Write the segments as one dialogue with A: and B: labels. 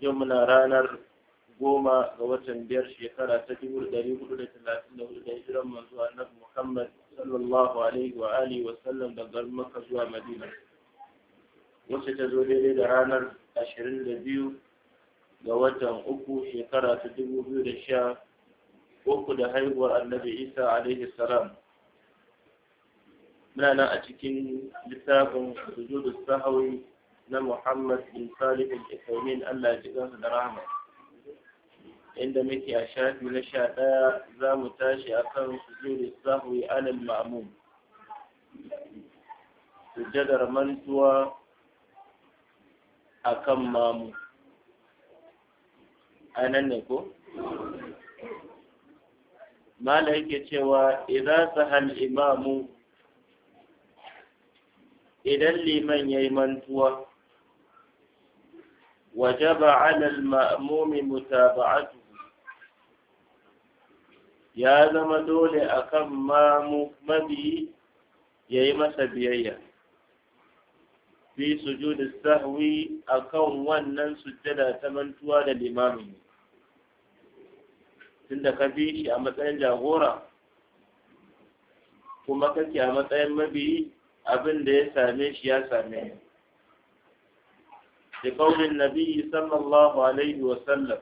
A: yau muna ranar goma ga watan biyar shekara ta dubu ɗari hudu da talatin da hudu da hijiran manzo annabi muhammad sallallahu alaihi wa alihi wa sallam daga makka zuwa madina wacce ta zo daidai da ranar ashirin da biyu ga watan uku shekara ta dubu biyu da sha uku da haihuwar annabi isa alaihi salam muna nan a cikin littafin sujudu sahawi na Muhammad bin Salih al-Isaimin Allah ya ji gansa da rahama inda muke a shafi na sha ɗaya za mu tashi a kan sujudi sahwi alal ma'mum sujadar mantuwa a kan mamu a nan ne ko mala yake cewa idan sahal imamu idan liman ya yi mantuwa وجب على المأموم متابعته ya zama dole akan mamu mabi ya yi masa biyayya fi sujudi sahwi akan wannan sujjada ta mantuwa da limamin tunda ka bi shi a matsayin jagora kuma kake a matsayin mabi abin da ya same shi ya same لقول النبي صلى الله عليه وسلم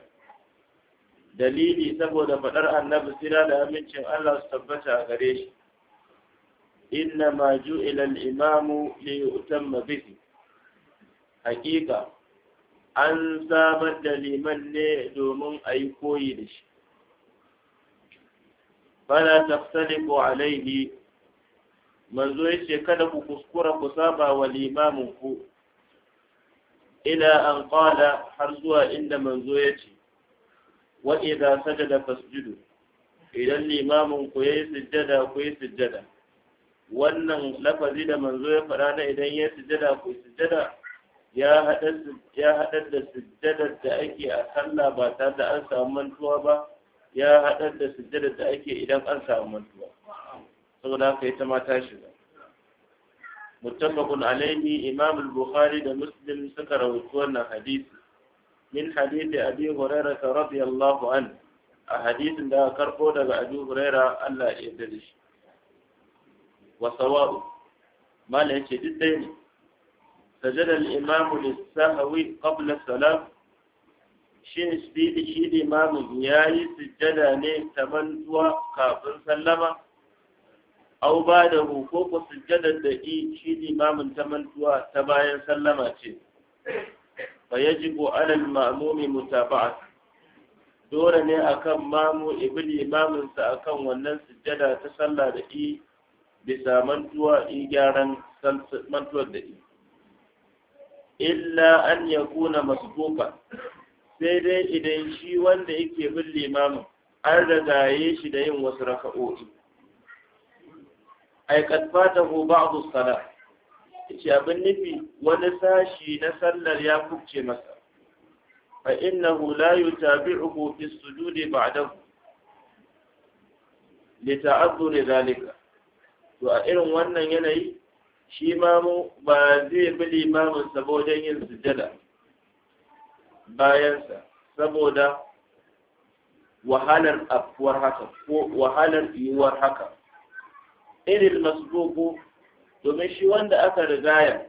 A: dalili saboda faɗar annabi sira da amincin Allah su tabbata a gare shi inna ma ju'ila al-imamu li yutamma bihi hakika an samar da liman ne domin a yi koyi da shi fala taftaliqu alayhi manzo yace kada ku kuskura ku saba wa limamin ila an qala har zuwa inda manzo ya ce wa idza sajada fasjudu idan limamin ku yayi sujjada ku yi sujjada wannan lafazi da manzo ya fara na idan ya sujjada ku sujjada ya hada ya hada da sujjadar da ake a sallah ba tare da an samu mantuwa ba ya hada da sujjada da ake idan an samu mantuwa saboda haka ita ma ta shiga muttafaqun alaihi imam al-bukhari da muslim suka rawaito wannan hadisi min hadisi abi hurairah radiyallahu anhu a hadisin da karbo daga abi hurairah Allah ya yarda shi wa sawa'u mala yace duk dai ne sajada al-imam lis-sahwi qabla salam shin shi shi imamu yayi sujjada ne ta mantuwa kafin sallama au ba da ko ko sujjadar da i shi limamin ta mantuwa ta bayan sallama ce fa yajibu ala al-ma'mumi mutaba'at dole ne akan mamu ibi limamin sa akan wannan sujjada ta sallah da i bisa mantuwa i gyaran mantuwar da i illa an yakuna masbuka sai dai idan shi wanda yake bin limamin an ragaye shi da yin wasu raka'o'i ay kad fatahu ba'du Ya yace abin nufi wani sashi na sallar ya kubce masa fa innahu la yutabi'uhu fi sujudi ba'dahu li ta'azzur zalika to a irin wannan yanayi shi ma mu. ba zai bi limamin saboda yin sujada bayansa saboda wahalar afuwar haka ko wahalar yiwuwar haka idil masbuku domin shi wanda aka rigaya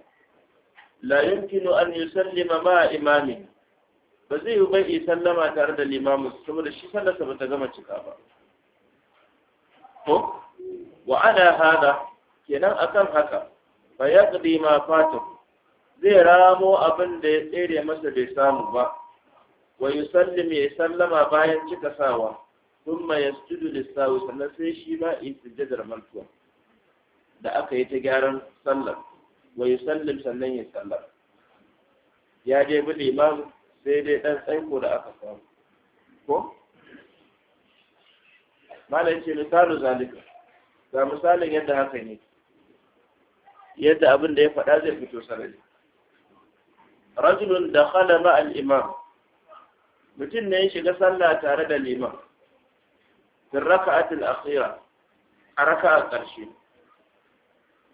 A: la yumkinu an yusallima ma imami ba zai yi bai sallama tare da limamin saboda shi sallarsa ba ta gama cika ba ko wa ana hada kenan akan haka fa yaqdi ma fatahu zai ramo abin da ya tsere masa bai samu ba wa yusallim ya sallama bayan cika sawa thumma yasjudu lis-sawi sannan sai shi ma sujjadar mantuwa da aka yi ta gyaran sallar wai sallin sannan ya sallar ya je bi limam sai dai dan tsaiko da aka samu ko malai ce misalu zalika ga misalin yadda haka ne yadda abin da ya faɗa zai fito sarari rajulun da khala ma al-imam mutum ne ya shiga sallah tare da liman fi raka'atil akhira a raka'a ƙarshe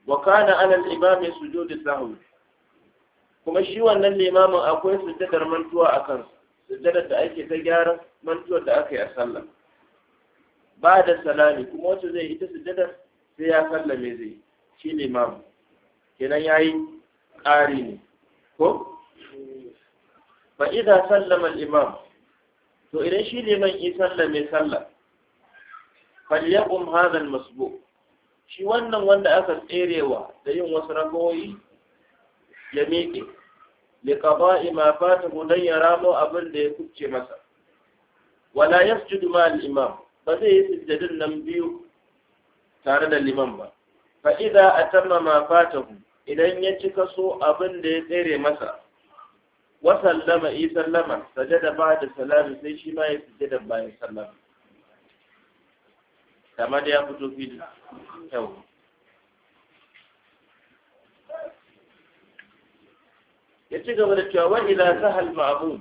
A: wa kana ala al-imam sujud sahwi kuma shi wannan limamin akwai sujjadar mantuwa a kan sujjadar da ake ta gyaran mantuwar da aka yi a sallah ba da salami kuma wacce zai ita sujjadar sai ya sallame zai shi limam? kenan ya yi ƙari ne ko fa idan sallama imam to idan shi liman yi sallame sallah falyaqum hadha al-masbu shi wannan wanda aka tserewa da yin wasu ragoyi ya miƙe liƙaba ima fata don ya ramo abin da ya kubce masa wala ya su ma al'imam ba zai yi sujjadin nan biyu tare da liman ba fa'ida a tamma ma fata idan ya cika so abin da ya tsere masa sallama yi sallama sajada ba da salami sai shi ma ya sujjada bayan sallama dama da ya fito fili yau ya ci gaba da cewa wani ila sahal ma'amu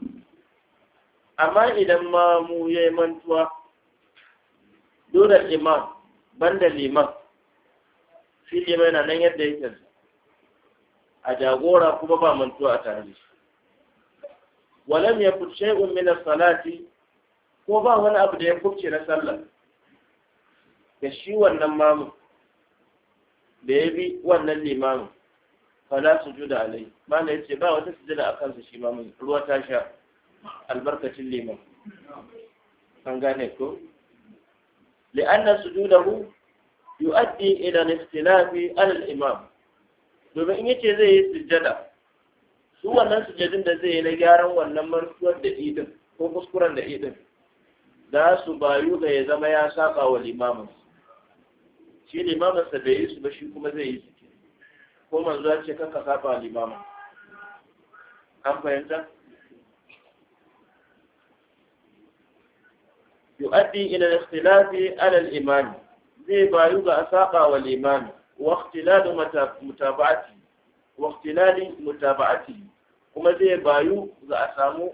A: amma idan mamu ya yi mantuwa dole liman banda liman shi liman na nan yadda yake a jagora kuma ba mantuwa a tare da shi walam ya fi shay'un min salati ko ba wani abu da ya kubce na sallah da shi wannan mamun da ya bi wannan limamin fala sujuda alai mana ya ce ba wata su sujada akan su shi mamun ruwa ta sha albarkacin liman an gane ko li'anna sujudahu yu'addi ila istilafi ala imam domin in yace zai yi sujada su wannan sujadin da zai yi na gyaran wannan martuwar da idin ko kuskuren da idin za su bayu ga ya zama ya saba wa limamin shi limamin sa bai yi su ba shi kuma zai yi su ko manzo ya ce kanka saba limamin an fahimta Zai bayu ga على الإمام wa بايوغا wa والإمام واختلال wa واختلال متابعته kuma zai bayu za a samu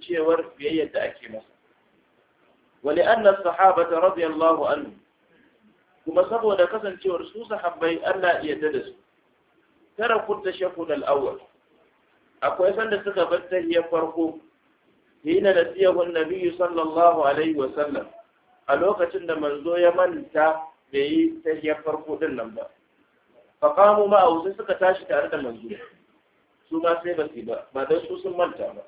A: cewar biyayyar da ake masa Wani annan sahabata radiyallahu anhu kuma saboda kasancewar su sahabbai Allah ya yarda da su tara ta shafu dal awwal akwai sanda suka bar tahiyyar farko hina da tiyahun nabi sallallahu alaihi wa sallam a lokacin da manzo ya manta bai yi tahiyyar farko din nan ba fa qamu a sai suka tashi tare da manzo su ma sai ba ba ba dan su sun manta ba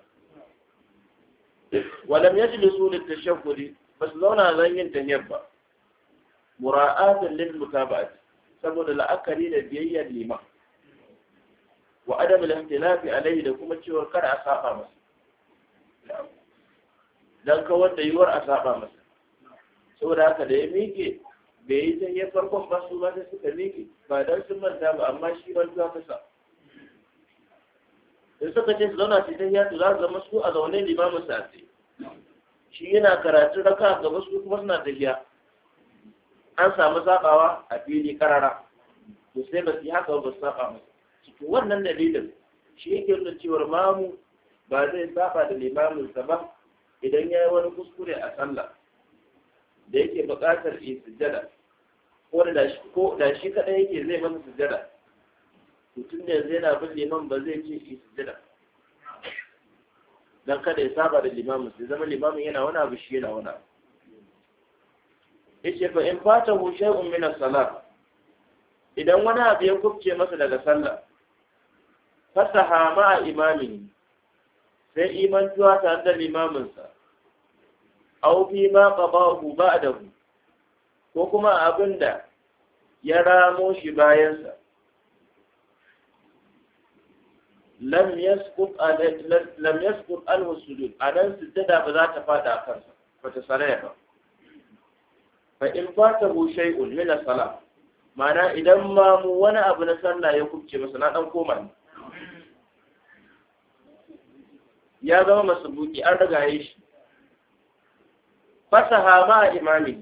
A: lam yajlisu lit tashahhudi bas zauna zan yin tahiyyar ba mura'atan lil mutaba'at saboda la'akari da biyayyar liman wa adam al-ihtilafi alayhi da kuma cewa kar a saba masa dan kawar wanda yiwuwar a saba masa saboda haka da ya miƙe bai yi zan yi farkon ba su ba sai suka miƙe ba dan sun manta ba amma shi ban za ka in suka ce su zauna su tafiya su za su zama su a zaune limamin sa sai shi yana karatu raka a gaba su kuma suna tafiya an samu sabawa a fili karara to sai ba su yi haka ba su saba masa ciki wannan dalilin shi yake nuna cewar mamu ba zai saba da limaminsa ba idan ya yi wani kuskure a sallah da yake buƙatar yi sujjada ko da shi kaɗai yake zai masa sujjada mutum da yanzu yana bin liman ba zai ce yi sujjada don kada ya saba da limamin sai zama limamin yana wani abu shi yana wani abu yake fa in hu shay'un min as-salat idan wani abu ya kufce masa daga sallah fasaha ma'a imamin sai iman imantuwa tare da limaminsa aw fi ma qabahu ba'dahu ko kuma abinda ya ramo shi bayansa lam yasqut lam yasqut anhu sujud anan sujada ba za ta fada kansa ba ta saraya ba fa in fatahu shay'un min sala salah idan ma wani abu na sallah ya kubce masa na dan koma ne ya zama masubuki an riga yi shi fasaha ma imami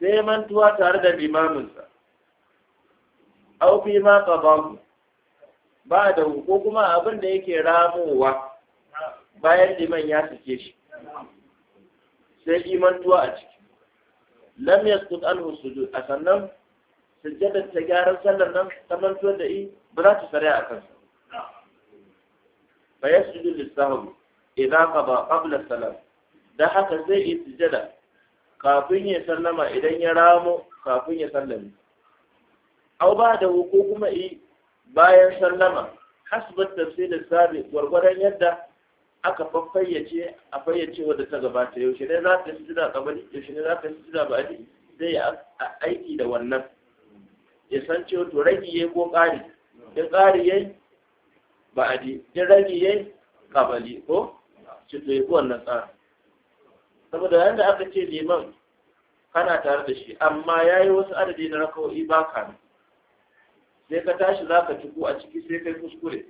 A: sai mantuwa tare da limaminsa au fi ma qabahu ba da ko kuma abin da yake ramowa bayan liman ya sake shi sai iman tuwa a ciki lam yasqut anhu sujud a sannan sujjada ta gyaran sallar nan kamantuwar da i ba za ta sare a kansa fa yasjudu lisahwi idan qada qabla salam da haka zai yi sujjada kafin ya sallama idan ya ramo kafin ya sallame au ba da ko kuma i bayan sallama hasbat da sabi gwargwadon yadda aka fayyace a fayyace wadda ta gabata yaushe ne za ta yi sujada kabari yaushe ne za ta yi ba ba'adi zai yi aiki da wannan ya san cewa to ragi yayi ko ƙari ya ƙari yayi ba'adi in ragi yayi kabali ko ce to yi wannan tsara saboda yadda aka ce liman kana tare da shi amma ya yi wasu adadi na rakawoyi ba ka sai ka tashi za ka ko a ciki sai kai kuskure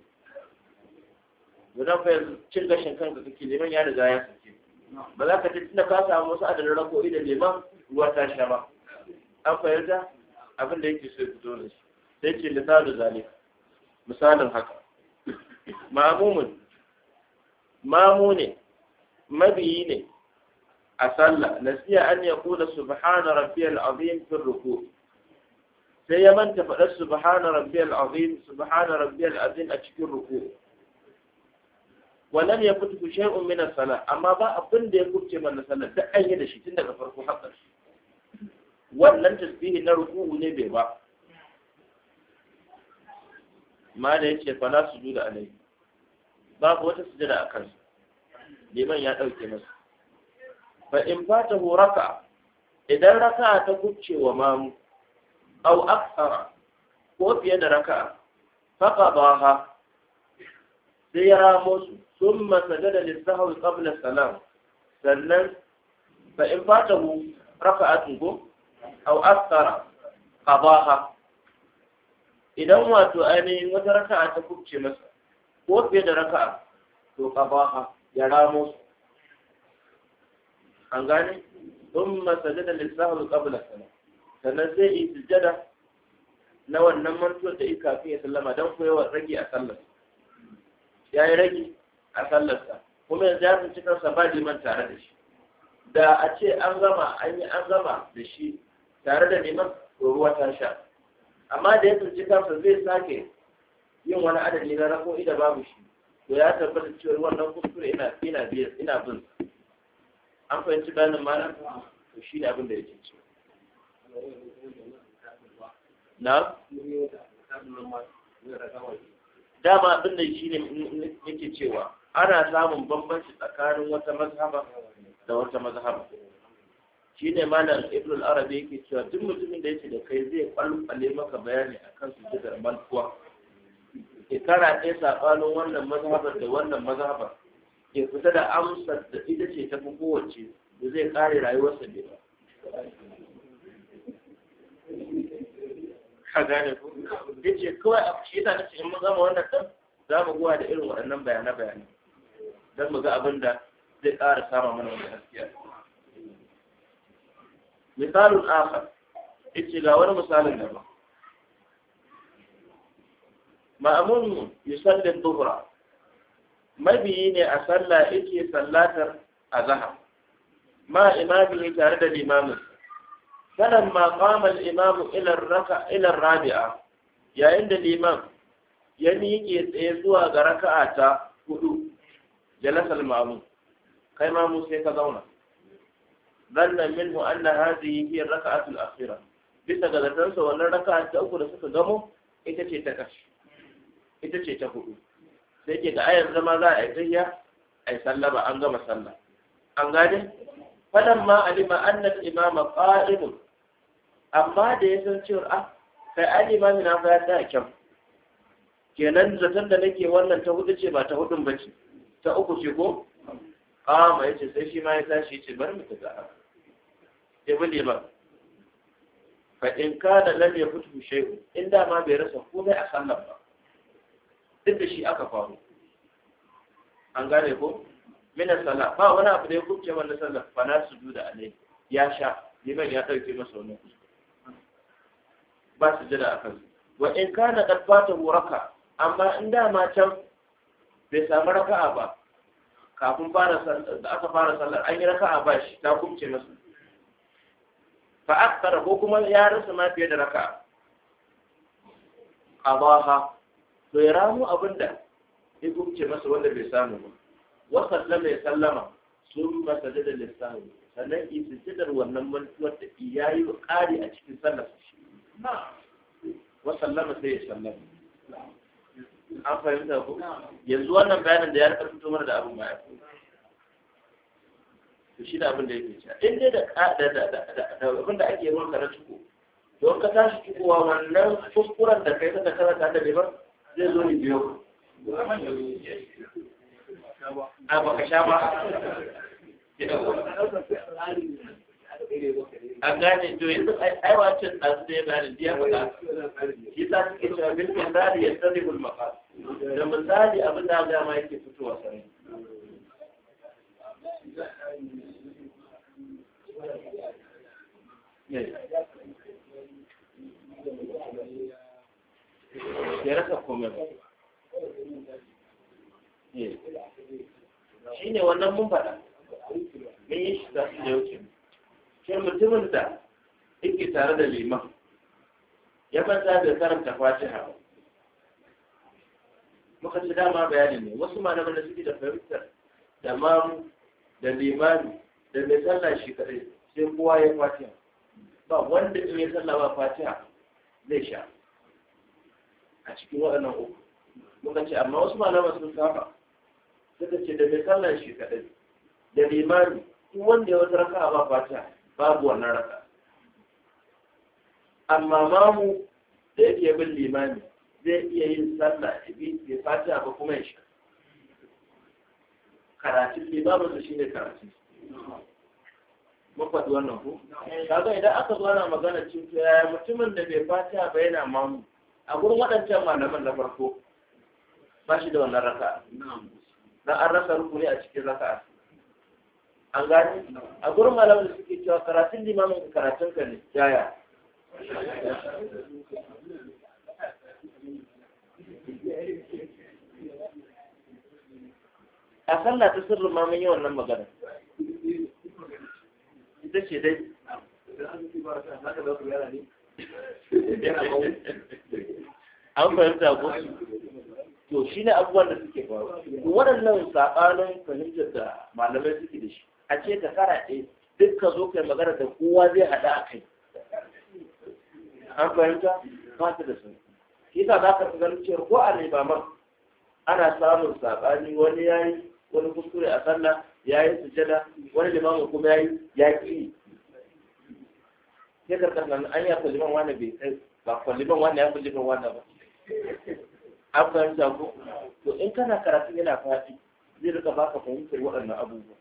A: zan fa yanzu cin gashin kanka kake liman ya riga ya sauke ba za ka ce tunda ka samu wasu adadin rako'i da neman ruwa ta sha ba an fahimta abin da yake so ya fito da shi sai ce da zalika misalin haka mamumin mamu ne mabiyi ne a sallah nasiya an ya kula subhana rabbiyal azim fi ruku sai ya manta faɗar subhana rabbiyal azim subhana rabbiyal azim a cikin ruku walam ya fito ku shay'un min as-salah amma ba abin da ya kurce mana sallah da an yi da shi tun daga farko har ƙarshe wannan tasbihi na ruku'u ne bai ba ma da yace fala sujuda alai babu wata su sujada a kansa liman ya dauke masa fa in fatahu raka'a idan raka ta kurce wa mamu aw akthara ko fiye da raka, faqa baha sai ya ramo ثم سجد للسهو qabla salam sannan فإن in رفعته أو أثر قضاها إذا ما idan wato ainihin wata وفيد ta kubce masa ko fiye da للسهو to السلام ya sannan yi sujjada na wannan mantuwa da ika ya sallama don koyawar rage a sallar ya yi rage a sallarsa kuma yanzu ya tsinci kansa ba neman tare da shi da a ce an gama an yi an gama da shi tare da neman, ruwa ta sha amma da ya tsinci kansa zai sake yin wani adadi na rako ida babu shi to ya tabbata cewa wannan kuskure ina ina biyar ina bin an fahimci bayanin malam to shi ne abin da yake ce na dama abin da shi ne yake cewa ana samun bambanci tsakanin wata mazhaba da wata mazhaba shi ne malam ibn arabi yake cewa duk mutumin da yake da kai zai kwalkwale maka bayani akan da malkuwa ke kara ɗaya saɓanin wannan mazhaba da wannan mazhaba ke fita da amsar da ita ce ta fi kowace da zai kare rayuwarsa ne ba ka gane ku ya ce kawai a shi ta ce in mun zama wannan ɗan za mu guwa da irin waɗannan bayanai-bayanai don mu ga abin da zai ƙara sama mana wani haskiya. misalin akhar ita ga wani misalin da ba ma'amun yusallin duhra mabiyi ne a sallah yake sallatar azhar ma ya tare da limamin sanan ma qama al-imamu ila raka ila rabi'a yayin da liman ya yake tsaye zuwa ga raka'a ta hudu jalasal mamu kai ma mamu sai ka zauna zanna minhu anna hadhihi hiya raka'atu al-akhirah bisa ga zatansa wannan raka'a ta uku da suka gamo ita ce ta kashi ita ce ta hudu sai ke ga ayar zama za a yi tayya a yi sallah ba an gama sallah an gane falan ma alima annal imama qa'idun amma da ya san cewa ah kai alima na fa ya tsaya kyau kenan zaton da nake wannan ta hudu ce ba ta hudun ba ce ta uku ce ko kama ya ce sai shi ma ya tashi ce bari mu tafi a ya bi liman fa in ya fito yafutu shay'un in dama ma bai rasa komai a sannan ba duk da shi aka faru an gane ko mina sallah ba wani abu da ya kuke wannan sallah ba na sujuda alai ya sha liman ya ɗauke masa wani. ba su jira a kan wa in kana da fatahu wuraka. amma in da ma can bai samu raka'a ba kafin fara da aka fara sallar an yi raka'a ba shi ta kumce masa fa akthara ko kuma ya rasa ma fiye da raka'a qabaha to ya ramu abinda ya kumce masa wanda bai samu ba wa sallama ya sallama sun masa da lissahu sannan isijidar wannan mantuwar da iya yi wa ƙari a cikin sallar wa sallama sai ya
B: sallama
A: an fahimta ko yanzu wannan bayanin da ya fito mana da abin baya to shi da abin da yake cewa in dai da da da da abin da ake maka na ciko don ka tashi cikowa wannan kuskuren da kai ka karanta da ba zai zo ni biyo a baka sha ba
B: a gane to yanzu
A: aiwacin ɗansu da ya bani diya faɗa shi ta suke cewa bilkin zari ya tsari gulmafa da misali abin da dama yake fitowa sarai
B: ya rasa komai ba eh. shi ne wannan mun
A: faɗa mun yi shi za su yauce shi mutumin da yake tare da liman ya fata da karanta fatiha muka ci dama bayani ne wasu malaman da suke da fahimtar da mamu da limani da mai sallah shi kadai sai kowa ya fatiha ba wanda in ya sallah ba fatiha zai sha a cikin waɗannan uku muka ce amma wasu malama sun saba suka ce da mai sallah shi kadai da limani duk wanda ya wata raka ba fatiha babu wannan raka amma mamu da yake bin limani zai iya yin sallah ya bi ya fatiha kuma ya sha karatun limamin da shi ne karatun mafaɗi wannan ko kaga idan aka zo ana magana cinto ya mutumin da bai fati ba yana mamu a gurin waɗancan malaman na farko ba shi da wannan raka na an rasa rukuni a cikin raka an gani a gurin malaman da suke cewa karatun limamin karatun ka ne yaya a sallah ta sirrin ma mun yi wannan magana ita ce dai an fahimta ko to shi ne abubuwan da suke faru waɗannan saɓanin fahimtar da malamai suke da shi a ce ka kara ɗaya duk ka zo kai magana da kowa zai haɗa a kai
B: an fahimta
A: ba ta da sun yasa za ka ganin cewa ko a limaman ana samun saɓani wani ya yi wani kuskure a sallah ya yi sujada wani limamin kuma ya yi ya ƙi ya ka nan an yi liman wani bai kai ba kwalliman wani ya fi liman wani ba an fahimta ko to in kana karatu yana faɗi zai rika baka fahimtar waɗannan abubuwa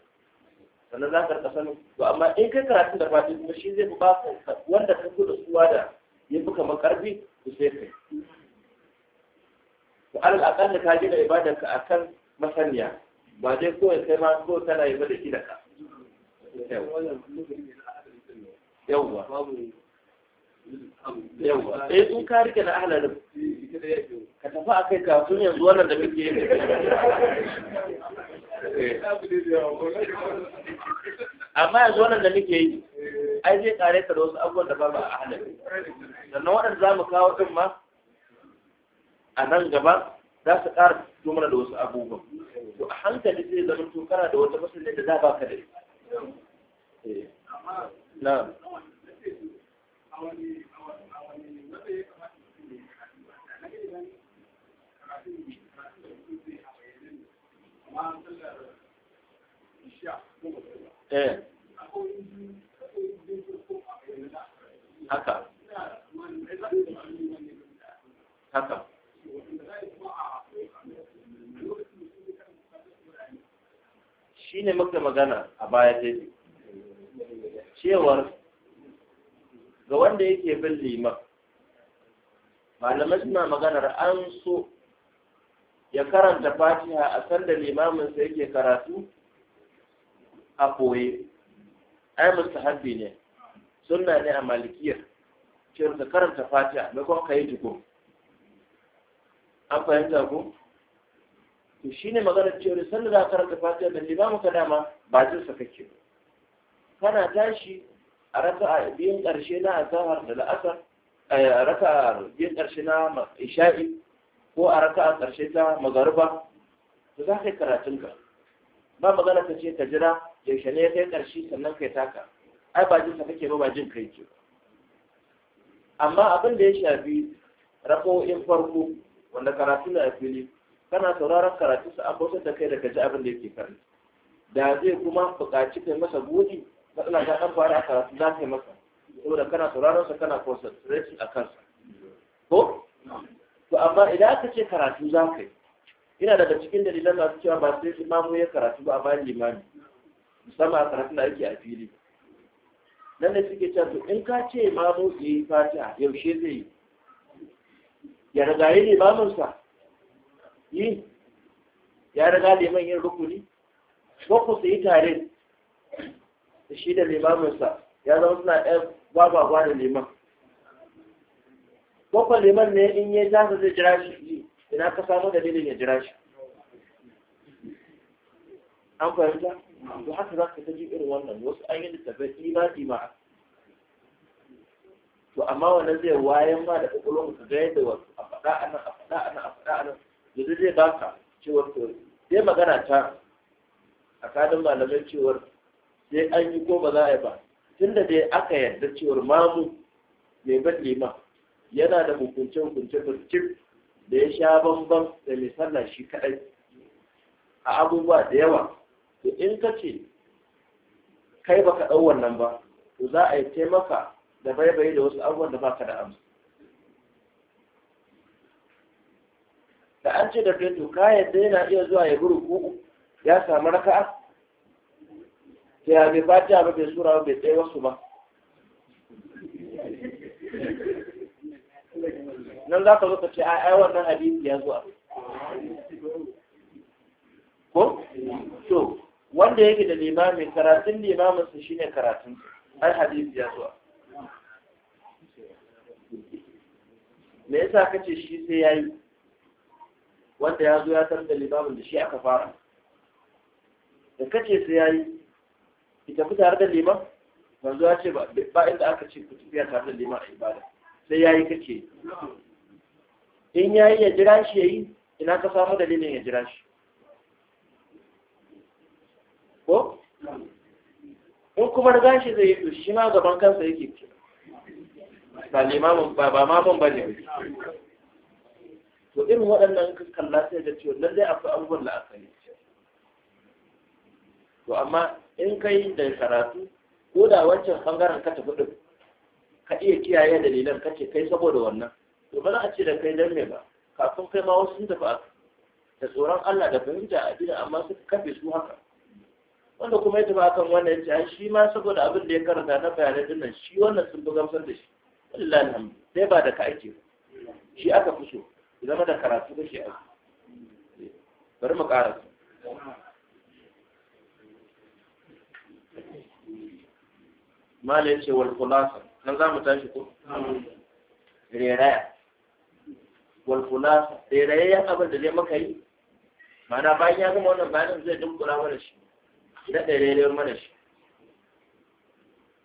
A: sannan za ka rika sanin to amma in kai karatu da faɗi kuma shi zai ba wanda ka fi suwa da ya fi kamar ƙarfi ku sai kai to alal aqalla ka gina ibadarka akan masaniya ba dai kowai kai ma ko tana yi ba da kida ka
B: yawwa yawwa eh in
A: ka rike na ahlalin ka tafi a kai kafin yanzu wannan da muke yi
B: amma yanzu wannan
A: da muke yi ai zai kare ka da wasu abubuwan da ba ba a ahlalin sannan waɗanda za mu kawo ɗin ma a nan gaba za su ƙara fito mana da wasu abubuwan to a hankali zai zama to kana da wata masu da za ba ka da
B: eh. na
A: eh. Haka. Haka. shi ne maka magana a baya ta cewar ga wanda yake bin liman malamai suna maganar an so ya karanta fatiha a sanda limaminsa yake karatu a koye ai mustahabbi ne sunna ne a malikiyar cewar ka karanta fatiha kwan ka yi jiko an fahimta ku to shine maganar cewa sanda za ka raka fatiha da limamu ka dama ba jinsa sa kake ba kana tashi a a biyun ƙarshe na Asahar da la'asar eh, a a biyun ƙarshe na isha'i ko a a ƙarshe ta magariba to za ka yi karatun ka ba magana ka ce ka jira yaushe ne kai ƙarshe sannan kai taka ai ba jinsa sa kake ba ba jin kai ke amma abin da ya shafi rako'in farko wanda karatu na afili kana sauraron karatu sa an bautar da kai daga ji abin da yake karni da zai kuma buƙaci kai masa gudi matsala ta ɗan fara a karatu za ka yi masa saboda kana sauraron sa kana concentrating a kansa ko to amma idan aka ce karatu za ka yi ina daga cikin dalilan masu cewa ba sai imamu ya karatu ba a bayan limami musamman a karatun da ake a fili nan da suke cewa to in ka ce imamu ya yi fatiha yaushe zai yi ya ne limaminsa yi ya riga liman yin rukuni ko ku su yi tare da shi da limaminsa ya zama suna ɗan gwagwagwa da liman ko liman ne in yi zasa zai jira shi yi ina ka samu dalilin ya jira shi an fahimta to haka za ka ta ji irin wannan wasu an yi littafin ima ima to amma wannan zai wayan ma da ƙwaƙwalwar ka ga yadda wasu a faɗa a nan a faɗa a nan a faɗa a nan yanzu zai baka cewar to sai magana ta a kanin malamai cewar sai an yi ko ba za a yi ba tunda dai aka yarda cewar mamu mai ban lima yana da hukunce-hukunce birkin da ya sha bambam da mai shi kaɗai a abubuwa da yawa to in ka ce kai baka ɗau wannan ba to za a yi taimaka da baibaye da wasu abubuwan da baka da amsa da an ce da kai to ka yadda yana iya zuwa ya bi ruku'u ya samu raka'a sai ya bai fatiha ba bai sura ba bai tsaye wasu ba nan za ka zo ka ce a ai wannan hadisi ya zuwa ko to wanda yake da limamin karatun limamin su shine karatun ai hadisi ya zuwa me yasa kace shi sai yayi wanda ya zo ya san da limamin da shi aka fara da kace sai yayi ki tafi tare da liman yanzu ya ce ba inda aka ce ku tafiya tare da liman a ibada sai yayi kace in yayi ya jira shi yayi ina ka samu dalilin ya jira shi ko in kuma riga shi zai yi shi ma gaban kansa yake ba limamin ba ba mamun bane to irin waɗannan ka kalla sai da cewa zai akwai abubuwan da aka yi to amma in kai da karatu ko da wancan bangaren ka tafi din ka iya kiyaye dalilan ka ce kai saboda wannan to ba za a ce da kai dan me ba kafin kai ma wasu sun tafi aka da tsoron Allah da fahimta a addini amma suka kafe su haka wanda kuma ya tafi akan wannan ya shi ma saboda abin da ya karanta na bayanai dinnan shi wannan sun fi gamsar da shi wallahi alhamdu sai ba da ka ake shi aka fi so zama da karatu da shi a bari mu ƙara su mala ya ce wal kulasa nan za mu tashi ko reraya wal kulasa reraya ya abin da zai maka yi mana bayan ya gama wannan bayanin zai dunkula mana shi da ɗarerayar mana shi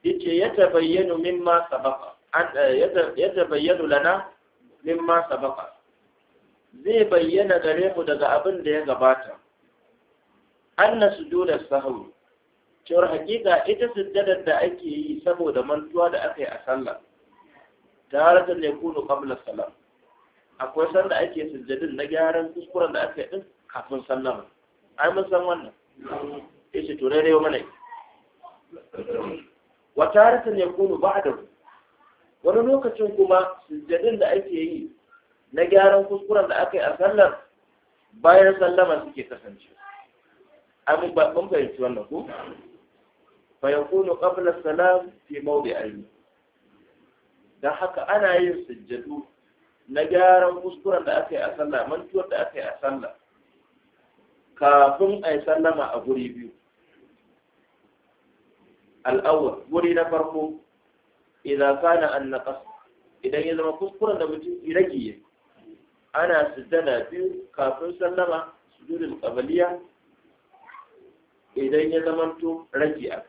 A: yace ya tabayyanu mimma sabaka an eh, ya tabayyanu lana mimma sabaka zai bayyana gare mu daga abin da ya gabata anna sujudar sahwi cewar hakika ita sujjadar da ake yi saboda mantuwa da aka yi a sallah tare da ne kunu qabla salam akwai sanda ake sujjadin na gyaran kuskuren da aka yi din kafin sallama ai mun san wannan yace to dai yau mana wa tare da ne kunu ba'da wani lokacin kuma sujjadin da ake yi na gyaran kuskuren da aka yi a sallar bayan sallama suke kasance abin ba mun fahimci wannan ko fa yakunu qabla salam fi mawdi'aini Da haka ana yin sujjadu na gyaran kuskuren da aka yi a sallah mantuwar da aka yi a sallah kafin a yi sallama a guri biyu al'awwal guri na farko idan kana an idan ya zama kuskuren da mutum ya rage ana sujjada biyu kafin sallama sujudin qabaliya idan ya zamanto raki a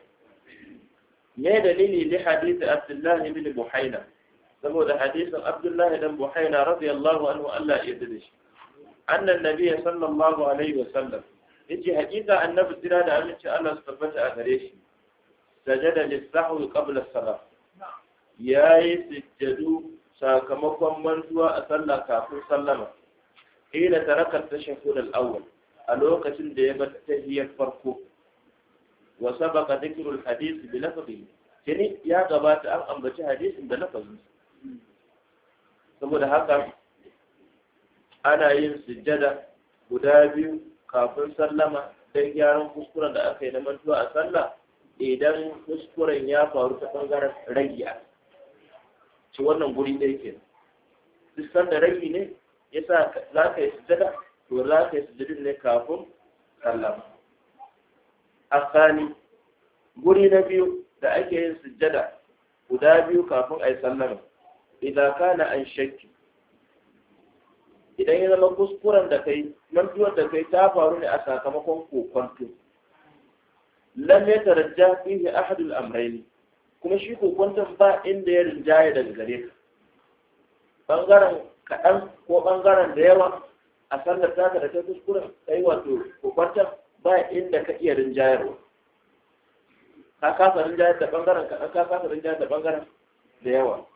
A: me dalili li hadisi abdullahi ibn Buhayna? saboda hadisin abdullahi dan buhaina radiyallahu anhu Allah ya yarda shi annan nabiyyi sallallahu alaihi wa sallam yace hakika annabi tira da aminci Allah su tabbata a gare shi sajada lis-sahwi qabla as-salat yayi sujjadu sakamakon mantuwa a sallah kafin sallama ila taraka tashahhud al-awwal a lokacin da ya ga tahiyyar farko wa sabaqa dhikru al-hadith bi lafzi kini ya gabata an ambaci hadisin da lafazin saboda haka ana yin sujjada guda biyu kafin sallama dan gyaran kuskuren da aka yi na mantuwa a sallah idan kuskuren ya faru ta bangaren ragiya ci wannan guri ɗaya ke duk sanda rabi ne ya sa za ka yi sujada to za ka yi sujadin ne kafin sallama Sani, guri na biyu da ake yin sujada guda biyu kafin a yi sallama idan na an shakki idan ya zama kuskuren da kai mantuwar da kai ta faru ne a sakamakon kokonto lam yatarajja fihi ahadul amrayni kuma shi kokwanton ba inda ya rinjaye daga gare ka bangaren kaɗan ko bangaren da yawa a sallar ta da ta kuskuren kai wato kokwanton ba inda ka iya rinjayarwa ka kasa rinjayar da bangaren kaɗan ka kasa rinjayar da bangaren da yawa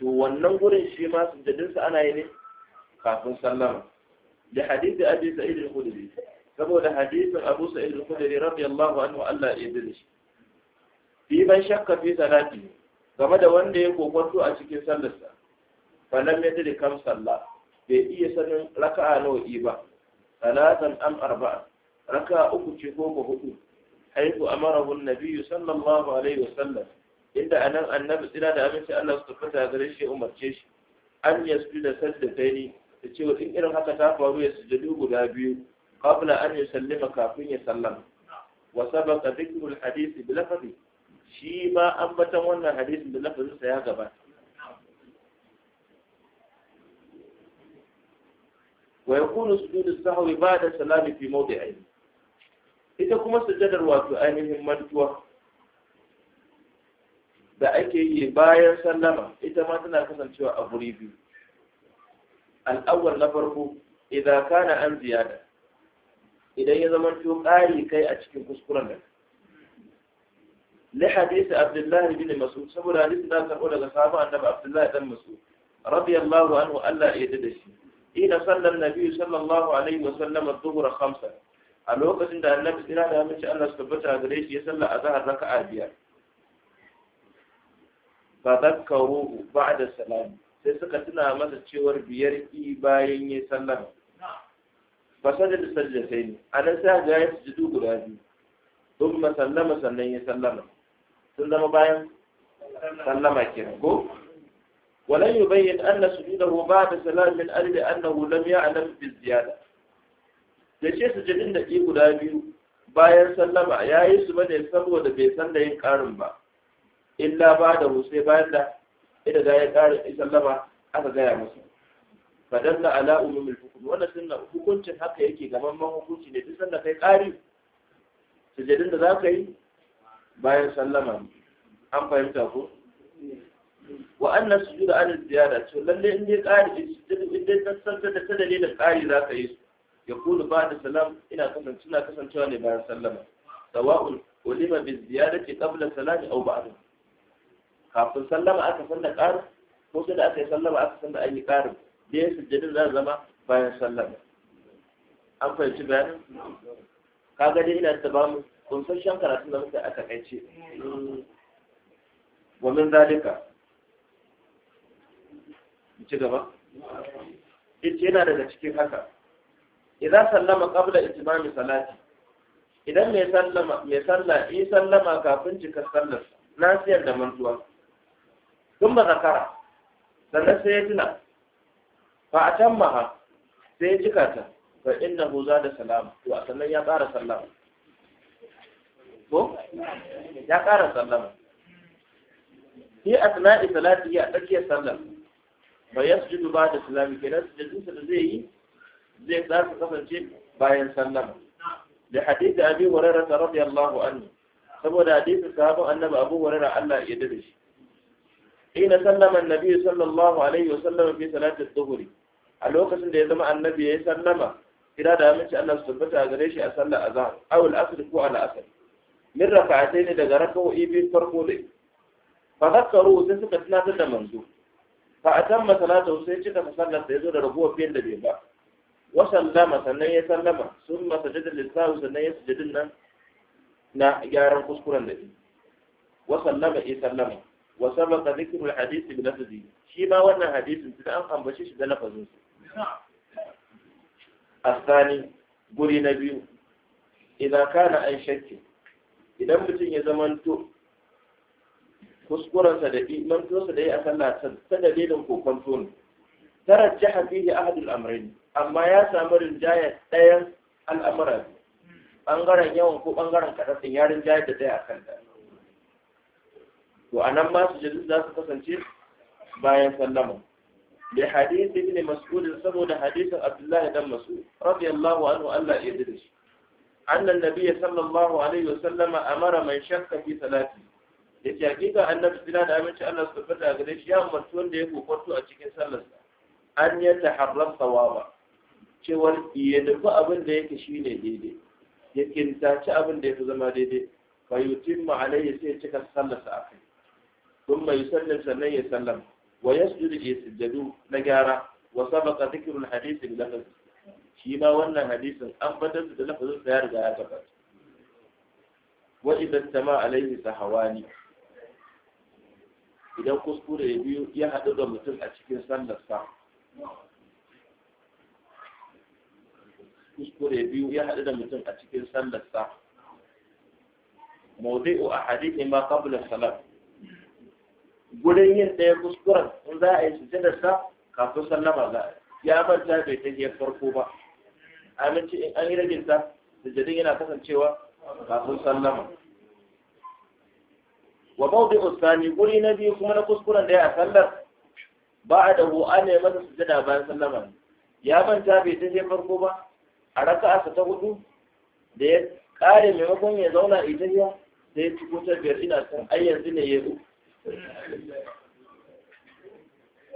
A: to wannan gurin shi ma sujjadinsa ana yi ne kafin sallama da hadisi abi sa'id al-khudri saboda hadisin abu sa'id al-khudri radiyallahu anhu Allah ya yarda da shi fi ban shakka fi salati game da wanda ya kokwanto a cikin sallarsa fa mai da kam sallah bai iya sanin raka'a nawa ba salatan am arba'a raka'a uku ce ko ba hudu haiku amarahu nabiyyu sallallahu alaihi wasallam inda anan annabi tsira da aminci Allah su tabbata gare shi umarce shi an ya su da da cewa in irin haka ta faru ya sujudu guda biyu qabla an yusallima kafin ya sallama wa sabaqa dhikru al-hadith bi lafzi shi ma ambatan wannan hadisin da lafazinsa ya gabata wa yakunu sujudu ba ba'da salami fi mawdi'i ita kuma sujadar wato ainihin mantuwa da ake yi bayan sallama ita ma tana kasancewa a guri biyu al'awwal na farko idan kana an ziyada idan ya zama to ƙari kai a cikin kuskuren da ka. li hadisi abdullahi bin mas'ud saboda hadisin da karbo daga sahabu annabi abdullahi dan mas'ud radiyallahu anhu Allah ya yarda da shi ina sallan nabi sallallahu alaihi wa sallam adh-dhuhra a lokacin da annabi tsira da mace Allah su tabbata gare shi ya salla azhar raka'a biyar fa zakkaru ba'da salam sai suka tuna masa cewar biyar i bayan ya sallama fasada da sajjatai ne a sai ga ya sujudu guda biyu sun masallama sannan ya sallama sun zama bayan sallama ke ko ولن يبين أن سجوده بعد سلام من أجل أنه لم Ya ce yace sujudin da ke guda biyu bayan sallama ya yi su bane saboda bai san da yin ƙarin ba illa ba da sai bayan da ita da ya ƙarin sallama aka gaya musu fadan na ala umumul hukum wannan sunna hukuncin haka yake gaban man hukunci ne duk sanda kai ƙari sujudin da za ka yi bayan sallama ne an fahimta ko wa anna sujuda an ziyada to lalle in dai ƙari in dai tasanta da ta dalilin ƙari za ka yi su ya kulu ba da salam ina kasance suna kasancewa ne bayan sallama sawa'un ulima bi ziyadati qabla salami aw ba'da kafin sallama aka san da ƙari ko sai da aka yi sallama aka san da an yi ƙarin da ya sujjadin za zama bayan sallama an fahimci bayanin ka gani ina ta bamu kunsashen karatun da muka aka kaice wa min zalika ci gaba ita yana daga cikin haka idza sallama qabla itimami salati idan mai sallama mai salla yi sallama kafin cikar sallar nasiyar da mantuwa kun ba zakara sannan sai ya tuna fa a can maha sai ya cika ta fa innahu zada salama Wa sannan ya ƙara sallama ko ya ƙara sallama fi asna'i salati ya tsakiyar sallar ba ya sujudu ba da salami sujudu sujudinsa da zai yi zai za su kasance bayan sallama da hadisi abi hurairah radiyallahu anhu saboda hadisin sahabban annabi abu hurairah Allah ya dade shi ina sallama annabi sallallahu alaihi wa sallam fi salati dhuhri a lokacin da ya zama annabi ya sallama kira da mace Allah su tabbata a gare shi a sallar azhar aw al-asr ko al-asr min raka'atai ne daga raka'o'i biyu farko dai. fa zakaru sai suka tunatar da manzo fa atamma salatu sai cika sallar da yazo da rabuwa fiye da bai ba wa sallama sannan ya sallama sun masa jadal lissahu sannan ya sujudin nan na gyaran kuskuren da shi wa sallama ya sallama wa sabaqa dhikru al-hadith bi lafzi shi ba wannan hadisin da an ambace shi da lafazin sa asani guri na biyu idan kana an shakki idan mutum ya zamanto kuskurensa da imantosa da ya a sallah ta dalilin kokonto ne tarajja hafihi ahadul amrin amma ya samu rinjaya ɗayan al'amura bangaren yawan ko bangaren kaɗaɗin ya rinjaya da ɗaya a kan da to a nan ma su za su kasance bayan sallama da hadisi ne mas'ud saboda hadisin abdullahi dan mas'ud radiyallahu anhu Allah ya yarda da shi annan nabiy sallallahu alaihi wasallama amara man shakka fi salati yace hakika annabi sira da aminci Allah su fada gare shi ya umarci wanda ya kokarto a cikin sallarsa an ya taharrar sawaba cewar ya dafa abin da yake shine daidai ya kintaci abin da yafi zama daidai fa yutimma alaihi sai cika sallarsa akai thumma yusallim sannan ya sallam wa yasjudu ya sujjadu na gyara wa sabaqa dhikrul hadith bil lafzi shi ma wannan hadisin an batar da lafazin sa ya riga ya gabata wa idan sama alayhi sahawani idan kuskure ya biyu ya haɗu da mutum a cikin sa kuskure biyo ya hadu da mutum a cikin sa mawdi'u ahadithi ma qabla salat gurin yin ɗaya kuskuren in za a yi sa kafin sallama za a ya manta bai ta farko ba aminci in an yi rabin sa sujjadin yana kasancewa kafin sallama wa mawdi usani guri na biyu kuma na kuskuren da ya sallar ba a dahu an yi masa sujada bayan sallama ya manta bai ta je farko ba a raka'a ta hudu da ya kare maimakon ya zauna ita ya sai ci kuta biyar ina son ai yanzu ne ya zo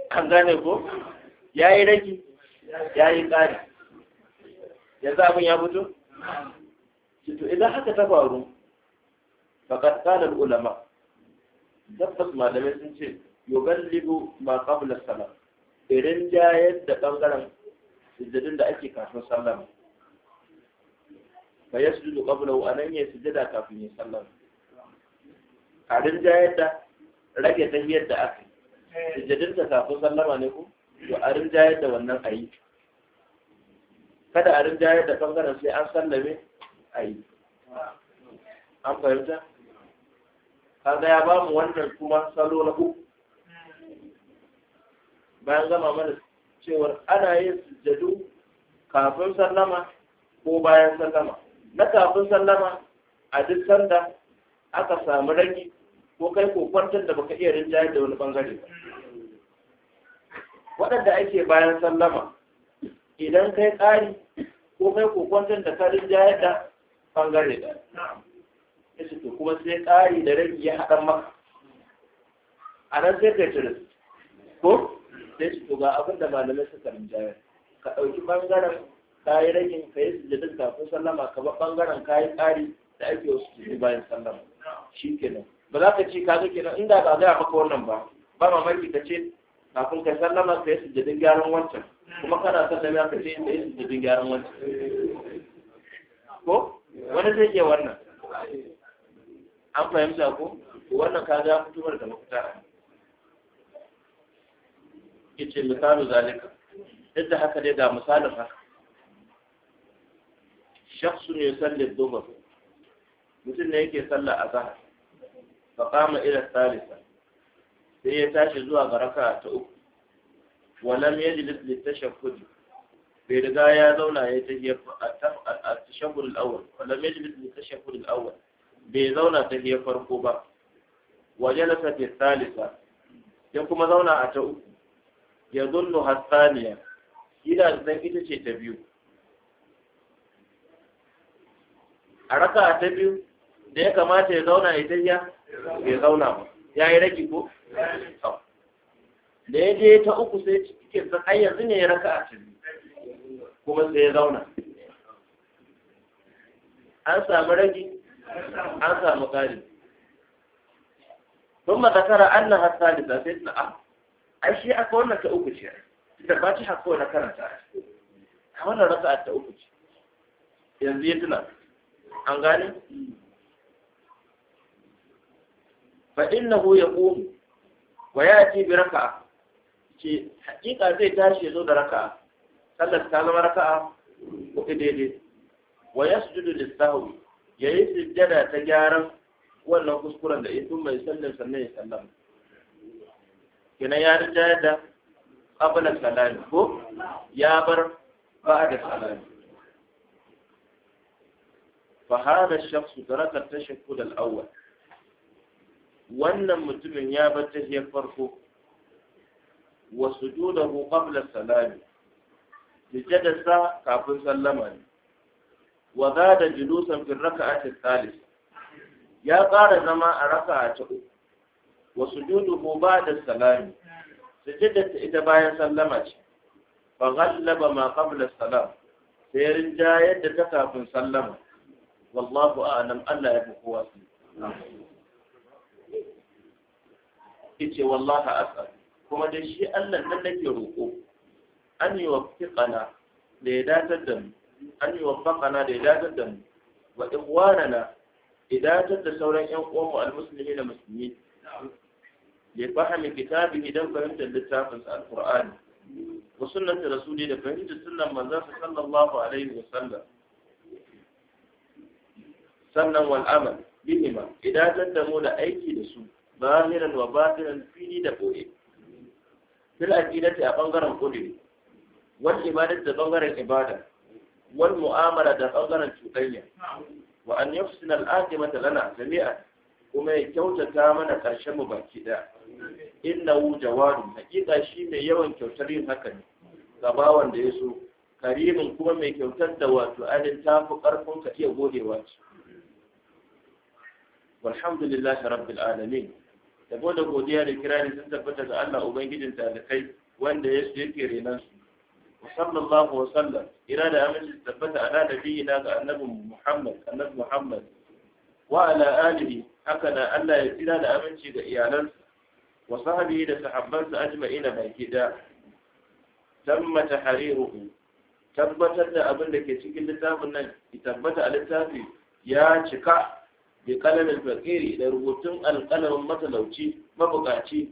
A: an gane ko ya yi rage ya yi ƙari yanzu abin ya fito to idan haka ta faru faqad qala ulama tabbas malamai sun ce libu ma qabla salam irin jayar da bangaren sujjadin da ake kafin sallama fa yasjudu qablahu nan ya sujjada kafin ya sallama a rinjayar da rage tahiyar da aka sujjadin da kafin sallama ne ko to a rinjayar da wannan ayi kada a rinjayar da bangaren sai an sallame a yi an fahimta kaga ya bamu wannan kuma salo na uku bayan gama mana cewar ana yin sujjadu kafin sallama ko bayan sallama na kafin sallama a duk sanda aka samu rangi ko kai ko kwantar da baka iya rinjayar da wani bangare ba waɗanda ake bayan sallama idan kai ƙari ko kai kokwantar da karin jayar da bangare da ya to kuma sai ƙari da rabi ya haɗan maka a nan sai kai turis ko sai su ga abin da malamai suka jaya. ka ɗauki ɓangaren kayi ragin ka yi sujadin kafin sallama ka ba ɓangaren kayi ƙari da ake wasu sujadi bayan sallama shi kenan ba za ka ce ka zo kenan inda ba gaya maka wannan ba ba mamaki ka ce kafin ka sallama ka yi sujadin gyaran wancan kuma kana son na ya ka ce da yin jirgin gyaran wani ko wani zai iya wannan an fahimta ko wannan ka ga mutumar da mafita ce misalu zalika duk da haka dai ga misalin haka Shaksu ne yusalli dhuhr mutum ne yake sallah zahar fa kama ila Salisa. sai ya tashi zuwa ga raka ta uku walam yajlis litashahhud bai riga ya zauna ya tahiyya at-tashahhud al-awwal walam yajlis litashahhud al-awwal bai zauna tahiyya farko ba wa jalasa ya kuma zauna a ta ya ita ce ta biyu a raka ta biyu da ya kamata ya zauna ya tahiyya bai zauna ba ya yi raki ko da ya je ta uku sai cikin sa kai yanzu ne ya raka a cikin kuma sai ya zauna an samu ragi, an samu ƙari sun ma zakara an na hasa da zafi na a ah, ai shi aka wannan ta uku ce da ba ci haka na karanta a wannan raka ta uku ce yanzu ya tuna an gane fa innahu yaqumu wa yati bi raka'a ce hakika zai tashi ya zo da raka'a sallar ta zama raka'a kuɗi daidai wa yasjudu lis-sahwi yi sujjada ta gyaran wannan kuskuren da idan mai sallar sannan ya sallama kina ya rinja yadda qabla salami ko ya bar ba'da salami fa hada ash-shakhs taraka at-tashahhud al-awwal wannan mutumin ya bar tahiyar farko wa sujudahu qabla salami sujjadarsa kafin sallama ne wa zada julusan fi raka'ati thalith ya ƙara zama a raka'a ta uku wa sujuduhu ba'da salami sujjadarsa ita bayan sallama ce fa ghallaba ma qabla salam ta kafin sallama Allah ya fi ice wallaha as'al kuma da shi Allah nan nake roƙo an yi wa fiƙana da ya datar da mu an yi wa faƙana da ya datar da mu wa ikhwanana ya datar da sauran ƴan uwanmu almuslimi da musulmi ya fahimi kitabi idan fahimtar littafin alqur'ani wa sunnati rasuli da fahimtar sunnan manzon sallallahu alaihi wa sallam sannan wal amal bihima idatar da mu da aiki da su zahiran wa batinan fili da boye fil aqidati a bangaren kudi wal ibadati da bangaren ibada wal mu'amala da bangaren cuɗanya wa an yafsina al-aqimata lana jami'a kuma ya kyautata mana karshen mu baki daya innahu jawadun hakika shi mai yawan kyautar yin haka ne gabawan da ya so karimin kuma mai kyautar da wato alin tafi karfin ka iya wa ce walhamdulillahi rabbil alamin yabo da godiya da kirari sun tabbata ga Allah ubangijin talakai wanda ya su yake renan su sallallahu wa sallam ira da aminci tabbata ala na ga annabi Muhammad annabi Muhammad wa ala alihi haka na Allah ya tsira da aminci ga iyalansa wa sahabi da sahabbansa ajma'ina baki da tamma tahriruhu tabbatar da abin da ke cikin littafin nan ki tabbata a littafi ya cika bi kalamin fakiri da rubutun alƙalamin matalauci mabukaci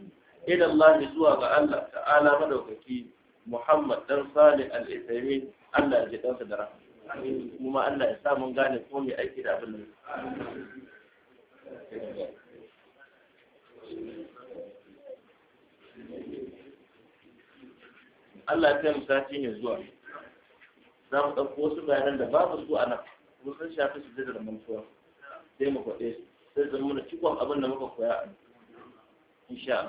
A: idan Allah zuwa ga Allah ta'ala madaukaki Muhammad dan Salih al-Isaimi Allah ya dansa da rahama kuma Allah ya sa mun gane ko mai aiki da abin nan Allah ya kai sati ne zuwa za mu ɗauko wasu bayanan da babu su a nan kuma sun shafi su da mantuwa sai mu faɗe su sai zama mana cikon abin da muka koya a insha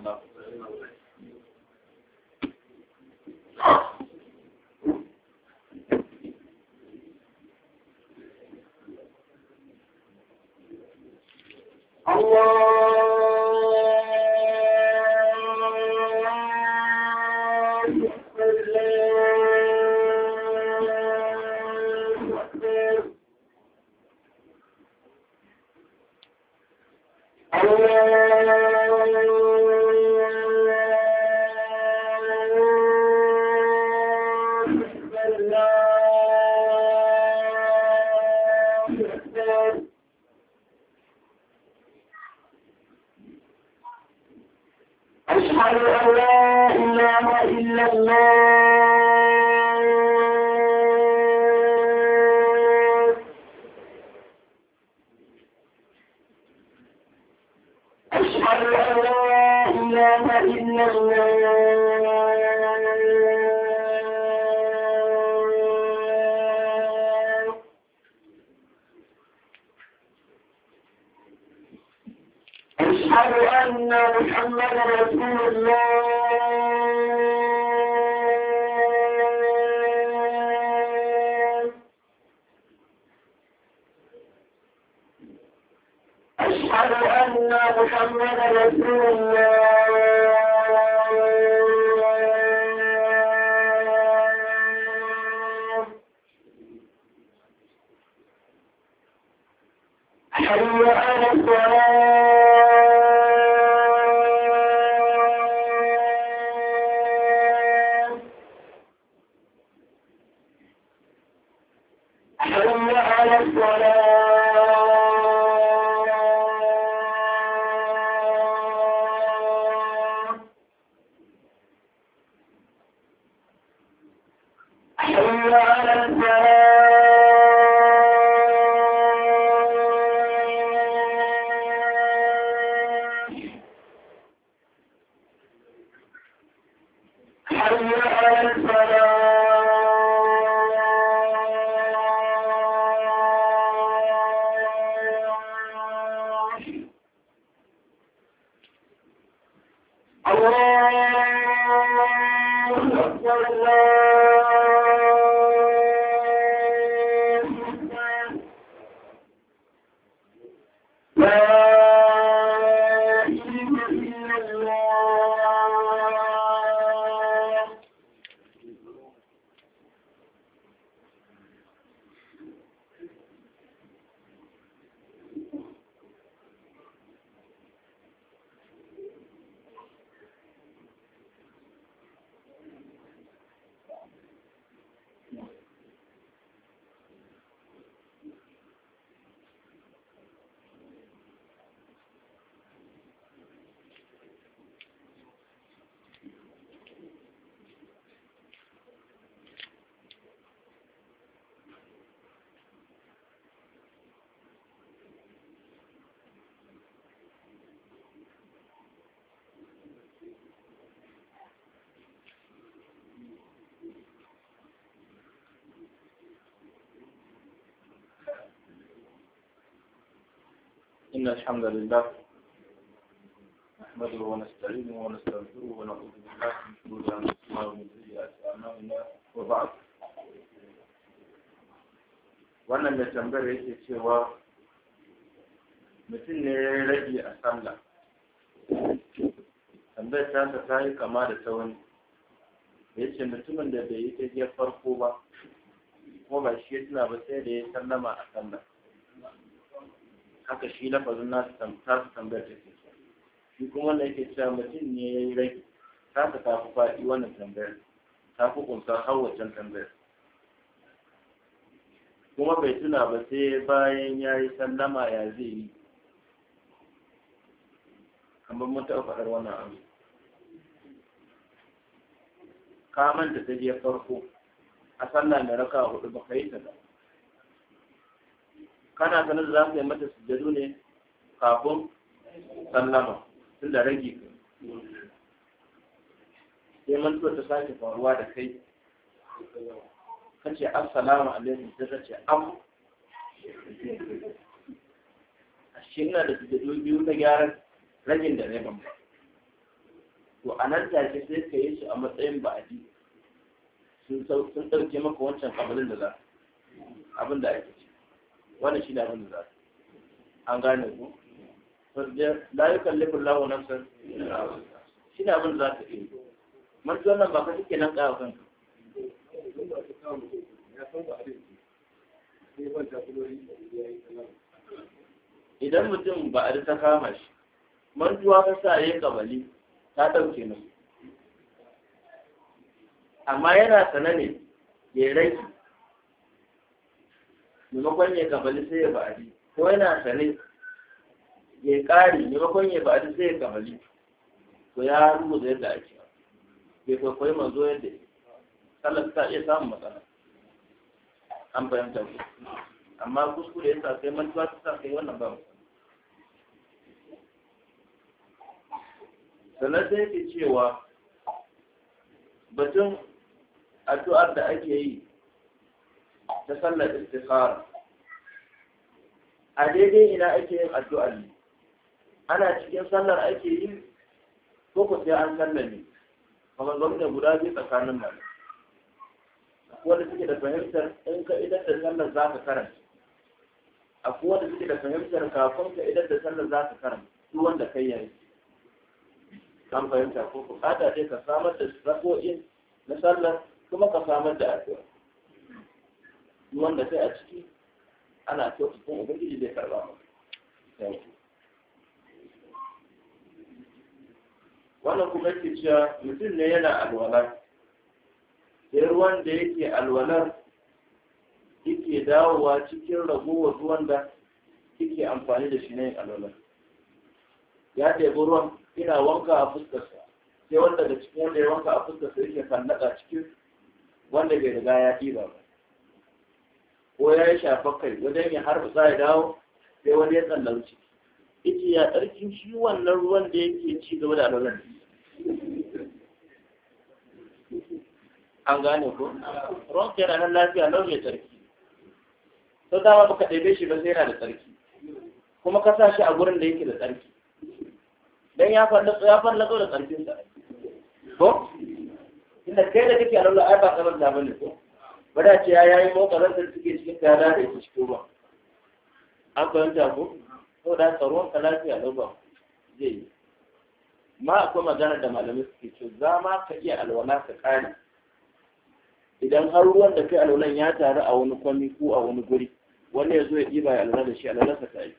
C: Allah الله أكبر Gracias. حي على الفلاح
A: إن الحمد لله نحمده ونستعينه ونستغفره
B: ونعوذ بالله من شرور أنفسنا ومن سيئات أعمالنا وبعد
A: وأنا mai tambayar yake cewa mutum ne ya rage a sallah tambayar tasa ta yi kama da ta wani ya ce mutumin da bai yi ta farko ba kuma ba shi ya tuna ba sai da ya sallama a sallama haka shi lafazin nasu tamtar tambayar ke so shi kuma wanda yake cewa mutum ne ya yi rai ta ka tafi faɗi wannan tambayar ta fi kunsa har wancan tambayar kuma bai tuna ba sai bayan ya yi sallama ya zai yi kamar mun taɓa faɗar wannan abu ka manta ta je farko a sallah da raka hudu ba ka yi ta ba kana ganin da za su yi mata sujjadu ne kafin sallama tun da rage ka sai mantuwar ta sake faruwa da kai ka ce assalamu alaikum ta sace ce am a shi ina da sujjadu biyu na gyaran ragin da ne ban to a nan ke sai ka yi su a matsayin ba'adi sun ɗauke maka wancan kamalin da za abin da ake wannan shi ne abin da za su an gane ku la yukallifu Allahu nafsan shi ne abin da za ta yi mun ji ba ka shike nan kawo kanka idan mutum ba a ta kama shi mantuwa ka sa ya kabali ta ɗauke nan amma yana sanane ya rai maimakon ya kabali sai ya ba'adi ko yana sane ya ƙari maimakon ya ba'adi sai ya kabali Ko ya rubuta yadda ake bai kwaikwayi mazo yadda salat ta iya samun matsala an fahimta ku amma kuskure ya sa sai mantuwa ta sa kai wannan ba sannan sai ke cewa batun addu'ar da ake yi ta sallar istikhara a daidai ina ake yin addu'ar ne ana cikin sallar ake yi ko ku sai an sallame kuma gwamnati guda biyu tsakanin mana wanda suke da fahimtar in ka idan da sallar za ka karanta akwai wanda suke da fahimtar kafin ka idan da sallar za ka karanta su wanda kai yayi kan fahimta ko bukata dai ka samar da rako'in na sallar kuma ka samar da addu'a wanda sai a ciki ana kuma ubangiji zai karba mu wannan kuma yake cewa mutum ne yana alwala sai ruwan da yake alwalar yake dawowa cikin ragowar ruwan da yake amfani da shi na yin alwalar ya ɗebi ruwan ina wanka a fuskarsa sai wanda da cikin wanda ya wanka a fuskarsa yake kan cikin wanda bai riga ya ɗiba ba ko ya yi shafa kai wajen ya harba sa ya dawo sai wani ya tsallauci ciki ita ya tsarkin shi wannan ruwan da yake ci gaba da alwalar an gane ko ruwan ka yana nan lafiya lau mai tsarki sau dama baka ɗaibe shi ba sai yana da tsarki kuma ka sa shi a gurin da yake da tsarki dan ya fallatso ya fallatso da tsarkin sa ko inda kai da kake alwalar ai ba tsaron da bane ko ba da ce ya yi motsarar da suke cikin gada da ke cikin ruwa an fahimta ko ko da tsaron ka lafiya na zai yi ma akwai magana da malamai suke ce za ma ka iya alwala ka kare idan har ruwan da kai alwalan ya taru a wani kwami ko a wani guri wani ya zo ya ɗiba ya alwala da shi alwala ka tayi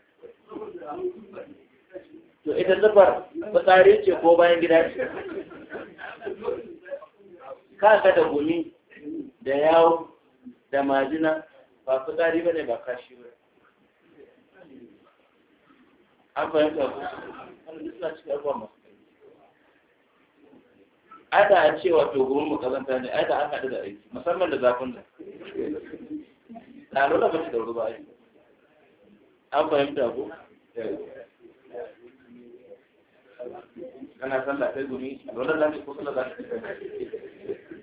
A: to ita zubar fitsari ce ko bayan gida ce ka da gumi da yawo da majina ba su ƙari ba ne ba kashi ba an fahimta ku wani suna cikin abubuwa masu ai da a ce wato gurin mu kazanta ne ai da an haɗu da aiki musamman da zafin nan ɗalo da ba shi da ba aiki an fahimta ku
B: kana sallah kai gumi a lura da ko sallah za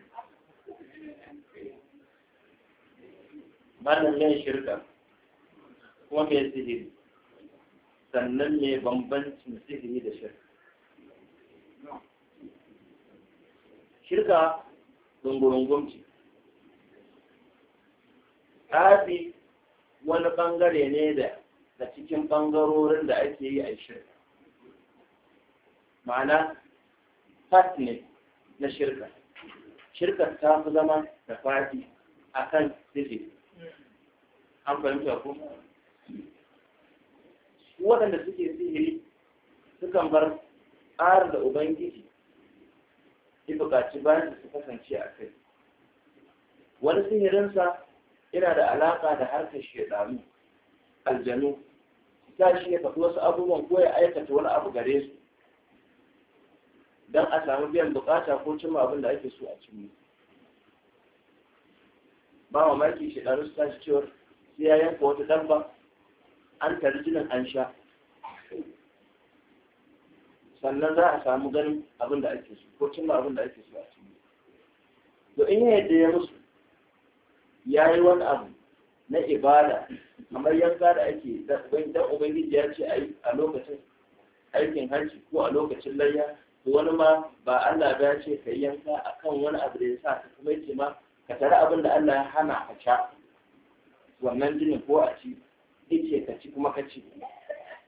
A: malam ya shirka kuma mai sihiri sannan mai bambancin sihiri da shirka shirka dungurungun ce tsafi wani bangare ne da da cikin bangarorin da ake yi a shirka ma'ana fat ne na shirka Shirka ta fi zama da fati a kan sihiri an fahimta ko waɗanda suke sihiri sukan bar tsara da ubangiji ya buƙaci bayan da su kasance a kai wani sihirinsa yana da alaƙa da harkar shaidanu aljanu ta shi ya tafi wasu abubuwan ko ya aikata wani abu gare su don a samu biyan bukata ko cimma abin da ake so a cimma ba mamaki shaidanu su tashi cewar sai ya yanka wata dabba an tari jinin an sha sannan za a samu ganin abin da ake so ko cimma abin da ake so a cikin to in yadda ya musu ya yi wani abu na ibada kamar yanka da ake dan ubangiji ya ce a lokacin aikin hanci ko a lokacin layya to wani ma ba Allah ya ce ka yanka akan wani abu da ya sa ka kuma ce ma ka tare abin da Allah ya hana ka sha wannan jinin ko a ci yake ka ci kuma ka ci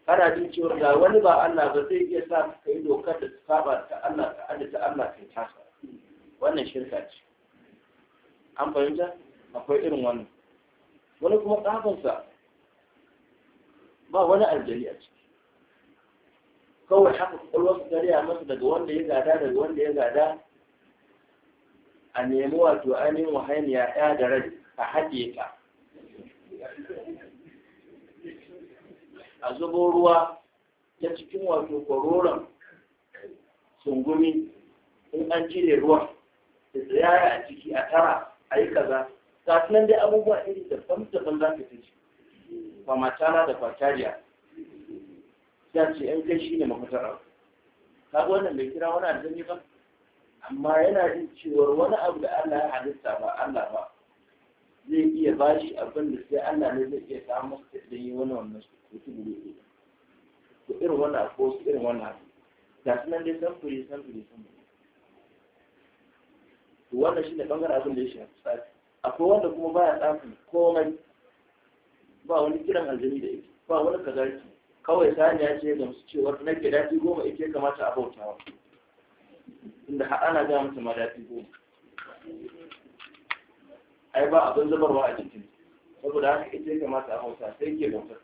A: kana jin cewa da wani ba Allah ba zai iya sa ka yi dokar da saba ta Allah ta Allah ta Allah kai tasa wannan shirka ce an fahimta akwai irin wannan wani kuma tsafansa ba wani aljali a ciki kawai haka kwakwalwarsu ta riya masa daga wanda ya gada daga wanda ya gada a nemi wato ainihin wahainiya ya da rai a haɗe ta a zubo ruwa ta cikin wato kwaroron sungumi in an cire ruwan da tsayaya a ciki a tara a yi kaza ga nan dai abubuwa iri daban-daban za ka ta ci kwamatana da kwatariya ya ce yan kai shi ne mafitar abu kaga wannan mai kira wani aljani ba amma yana jin cewar wani abu da Allah ya halitta ba Allah ba zai iya ba shi abin da sai Allah ne zai iya samu da idan yi wani wannan su da ne. ko irin wannan ko su irin wannan ga su nan dai samfuri samfuri samfuri to wannan shi ne bangaren abin da ya shafi tsafi akwai wanda kuma baya tsafin komai ba wani kiran aljami da ita ba wani kazarki kawai sani ya ce gamsu cewar na ke dafi goma ike kamata a bautawa inda ana gaya mata ma dafi goma ai ba abin zubarwa a jikin saboda haka ita ya kamata a hausa sai ke bautar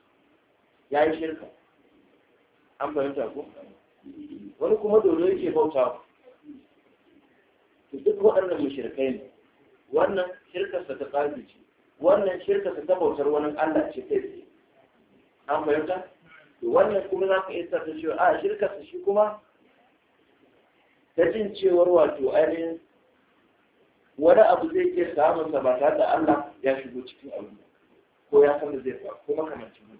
A: ya yi shirka an fahimta ko wani kuma dole yake bauta ku duk waɗannan shirka ne wannan shirkarsa ta tsafi ce wannan shirkarsa ta bautar wani Allah ce ta yi an fahimta to wannan kuma za ka isa ta cewa a shirkarsa shi kuma ta jin cewar wato ainihin wani abu zai iya samun sa ba tare da Allah ya shigo cikin abu ko ya san da zai faru ko makamancin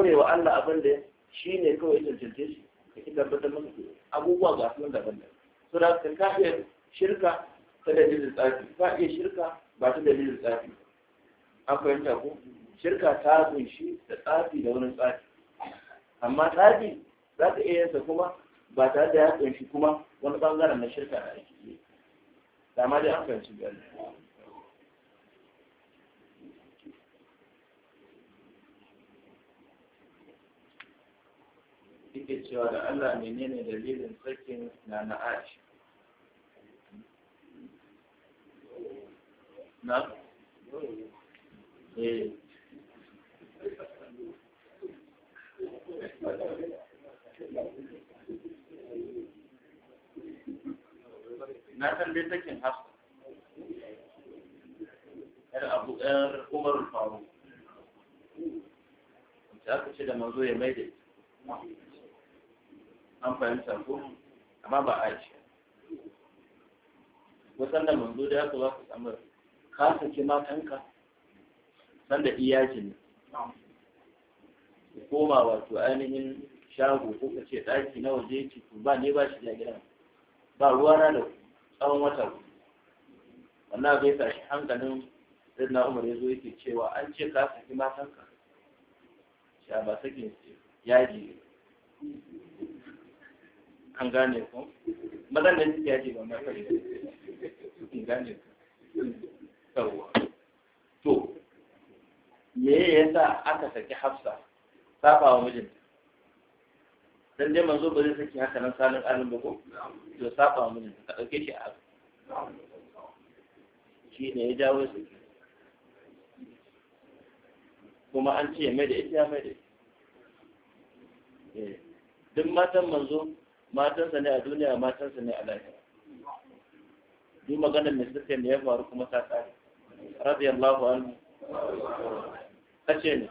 A: ne wa Allah abin da shi ne kawai cancance shi ka ki tabbatar masa abubuwa ga su daban daban so da ka iya shirka ta dalilin tsafi ka iya shirka ba ta dalilin tsafi an fahimta ko shirka ta kunshi da tsafi da wani tsafi amma tsafi za ta iya yansa kuma ba tare da ya kunshi kuma wani bangaren na shirka da ake yi da ma dai an fahimci cewa da Allah menene dalilin sakin na na eh. na san dai sakin hafsa yar abu yar umar faru wacce aka ce da manzo ya maida? da an fahimta ko amma ba a ce wasan da manzo da aka ba ku samu ka saki matanka san da iyaji ne koma wato ainihin shago ko ka ce ɗaki na waje ki ba ne ba shi da gidan ba ruwa na da ku tsawon watan wannan abin sa shi hankalin na umar ya zo yake cewa an ce ka saki matanka sha ba sakin yaji an gane ku mazan da suke yaji ba mata ne an gane ku tsawon to me yasa aka saki hafsa saba wa mijinta dan dai manzo ba zai saki haka nan sanin alim ba ko to saba mu ne ka dauke shi a shi ne ya jawo su kuma an ce mai da ita mai da ita eh, duk matan manzo matansa ne a duniya matansa ne a lahira duk maganar mai suka ne ya faru kuma ta tsari radiyallahu anhu kace ne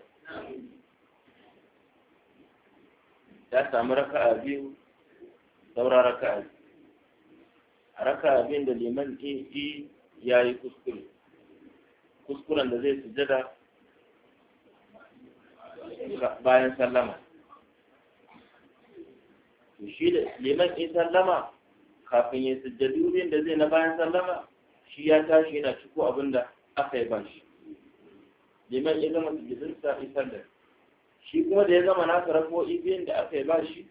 A: ya samu a biyu saura raka a a biyun da liman yi ya yi kuskure kuskuren da zai sujada bayan sallama to shi da liman in sallama kafin ya sujjadu biyun da zai na bayan sallama shi ya tashi yana ciko abin da aka yi ban shi liman ya zama isar in sallama shi kuma da ya zama nasa rafo biyun da aka yi ba shi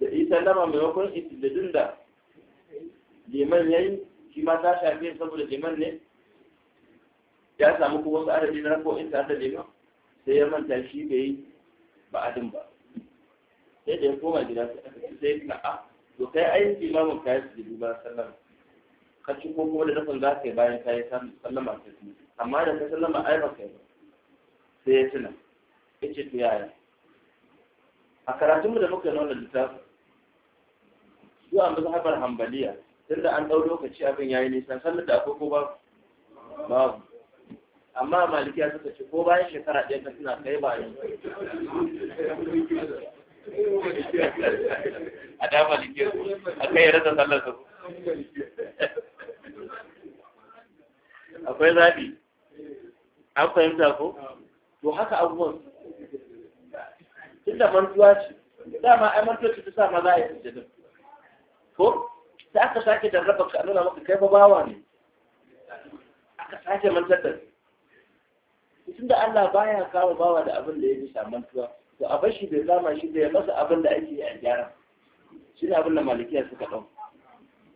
A: da isa lama maimakon istidadin da liman ya yi shi ma ta shafi saboda liman ne ya samu kuma wasu adadi na rafo ta da liman sai ya manta shi bai yi ba adin ba sai da ya koma gida su aka ci sai na a ah, to kai ai limamin ka yi jibi ba sallama ka ci ko kuma da nufin za ka yi bayan ka yi sallama ci amma da ka sallama ai ba kai ba sai ya tuna yace to yaya a karatunmu da muka yi wannan littafin zuwa mazhabar hambaliya tunda an ɗau lokaci abin yayi nisa sannan da akwai ko ba babu amma ya suka ce ko bayan shekara ɗaya ta suna kai ba a da malikiya a kai ya rasa sallar su
B: akwai zaɓi
A: an fahimta ko to haka abubuwan tunda mantuwa ce dama ai mantuwa ce ta sa maza ya sujjada ko sai aka sake raba ka nuna maka kai babawa bawa ne aka sake mantar da tunda Allah baya kawo bawa da abin da ya bisa mantuwa to a bashi bai zama shi da ya masa abin da ake yi a gyara shi ne abin da malikiya suka ɗau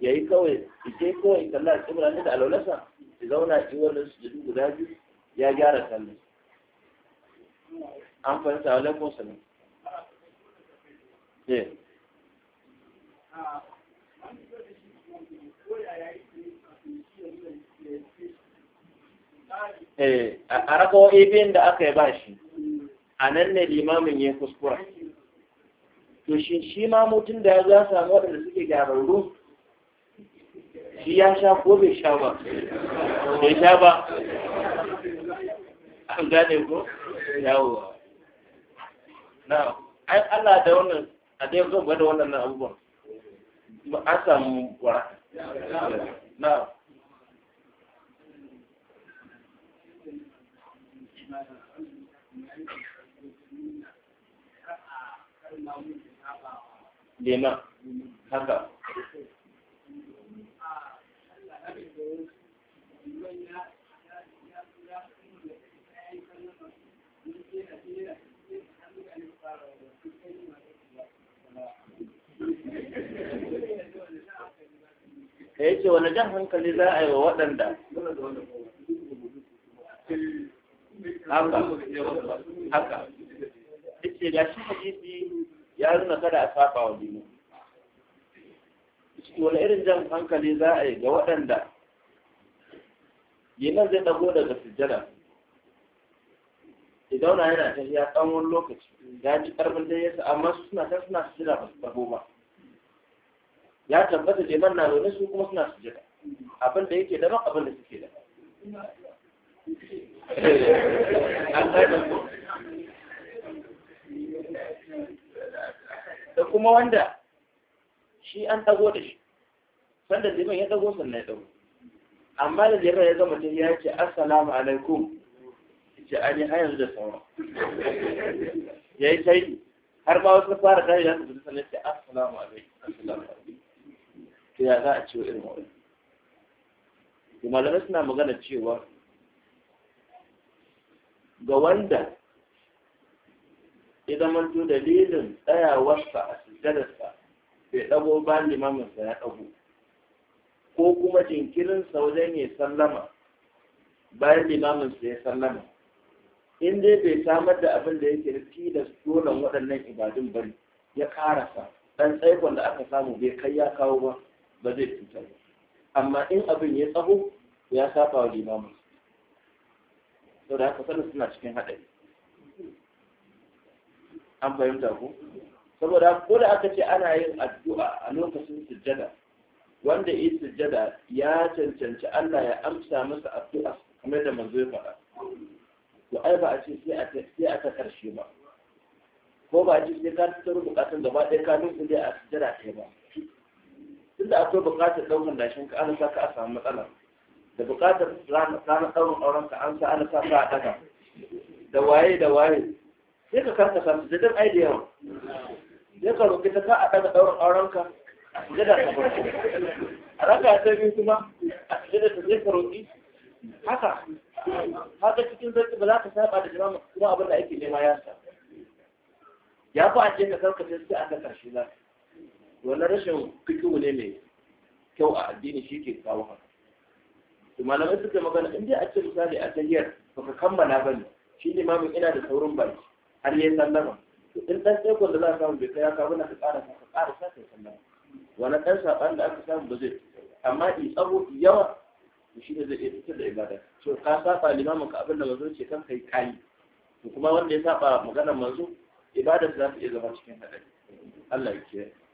A: ya yi kawai ike kawai kalla a tsibira ne da alaulasa ya zauna a wannan su guda biyu ya gyara kallon an fahimta wa laifin sanin Yeah. Eh, a rako ibin da aka yi shi a nan ne limamin ya kuskura to shi shi ma mutum da ya za samu waɗanda suke gyararru shi ya sha ko bai sha ba bai sha ba an gane ko yawo na Allah da wannan a ɗaya zan gwada waɗannan abubuwan an samu wara na lema haka da ya ce wani jan hankali za a yi wa waɗanda haka haka ce ga shi hadisi ya nuna kada a saba wa jini wani irin jan hankali za a yi ga waɗanda nan zai ɗago daga sujjada idan na yana ta ya ɗan wani lokaci ya ji ƙarfin da ya sa amma suna ta suna sujjada ba su ɗago ba ya tabbata liman na zaune su kuma suna jira abin da yake daban abin da suke da.
B: da kuma wanda
A: shi an tago da shi sanda liman ya tago sannan ya tago amma da zai ya zama ya ce assalamu alaikum ce an yi yanzu da sauran ya yi shaidi har ma wasu fara kare, da su sannan ce assalamu alaikum sai ya za a ciwo irin wani malamai suna magana cewa ga wanda idan manto dalilin tsayawarsa a sujjadarsa bai ɗago ba limaminsa ya ɗago ko kuma jinkirinsa wajen ya sallama bayan limaminsa ya sallama in dai bai samar da abin da yake rufi da dolan waɗannan ibadun bari ya karasa ɗan tsaikon da aka samu bai kai ya kawo ba ba zai cutar amma in abin ya tsaho ya safa wa limamin saboda haka sanin suna cikin haɗari an fahimta ku saboda ko da aka ce ana yin addu'a a lokacin sujjada wanda yi sujjada ya cancanci Allah ya amsa masa addu'a kamar da manzo ya faɗa to ai ba a ce sai a ta karshe ba ko ba a ce sai ka tsaro bukatun gaba ɗaya ka nufin dai a sujjada ɗaya ba tunda akwai buƙatar ɗaukar dashin ka ana saka a samu matsala da buƙatar ranar ɗaurin auren ka an sa ana saka a ɗaga da waye da waye sai ka karka samu da duk aidiya wa sai ka roƙi ta ka a ɗaga ɗaurin auren ka a sujada da farko a raka ta biyu kuma a sujada ta sai ka roƙi haka haka cikin zarki ba za ka saba da jama'a kuma abin da ake nema ya sa ya fi a ce ka karka sai a ta ƙarshe za su. wannan rashin fikihu ne mai kyau a addini shi ke kawo haka to malamai suka magana in dai a ce misali a tahiyar baka kammala ba ne shi ne mamin ina da saurin baki har yayin sallama to in dan tsaikon da za ka samu bai kai ya kawo ka ƙara ka ƙara sa kai sallama wannan dan saɓan da aka samu ba zai amma in tsaro yawa shi ne zai iya fitar da ibada to ka saba limamin ka abin da manzo ce kan kai kai to kuma wanda ya saba maganar manzo ibadar za ta iya zama cikin hadari Allah ya kiyaye